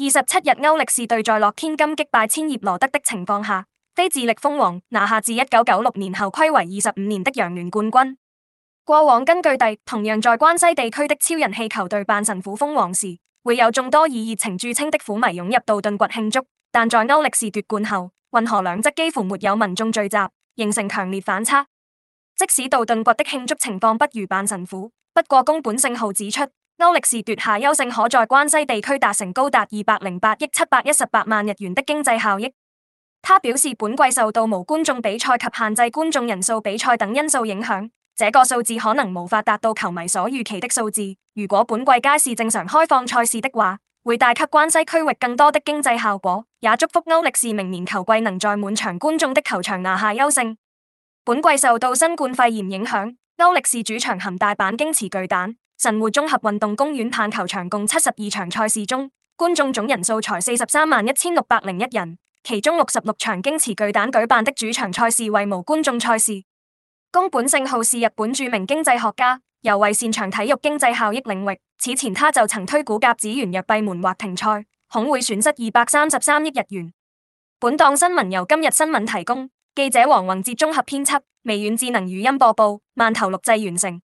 二十七日，歐力士隊在洛天金擊敗千葉羅德的情況下，非自力封王拿下自一九九六年後暌違二十五年的洋聯冠軍。過往根據地同樣在關西地區的超人氣球隊阪神虎封王時，會有眾多以熱情著稱的虎迷湧入道頓堀慶祝，但在歐力士奪冠後，運河兩側幾乎沒有民眾聚集，形成強烈反差。即使道頓堀的慶祝情況不如阪神虎，不過宮本勝浩指出。歐力士奪下優勝，可在關西地區達成高達二百零八億七百一十八萬日元的經濟效益。他表示，本季受到無觀眾比賽及限制觀眾人數比賽等因素影響，這個數字可能無法達到球迷所預期的數字。如果本季皆是正常開放賽事的話，會帶給關西區域更多的經濟效果。也祝福歐力士明年球季能在滿場觀眾的球場拿下優勝。本季受到新冠肺炎影響。歐力士主場含大阪京瓷巨蛋、神戶綜合運動公園棒球場共七十二場賽事中，觀眾總人數才四十三萬一千六百零一人，其中六十六場京瓷巨蛋舉辦的主場賽事為無觀眾賽事。宮本勝浩是日本著名經濟學家，尤為擅長體育經濟效益領域。此前他就曾推估甲子園若閉門或停賽，恐會損失二百三十三億日元。本檔新聞由今日新聞提供，記者黃宏哲綜合編輯。微軟智能語音播報，萬頭錄製完成。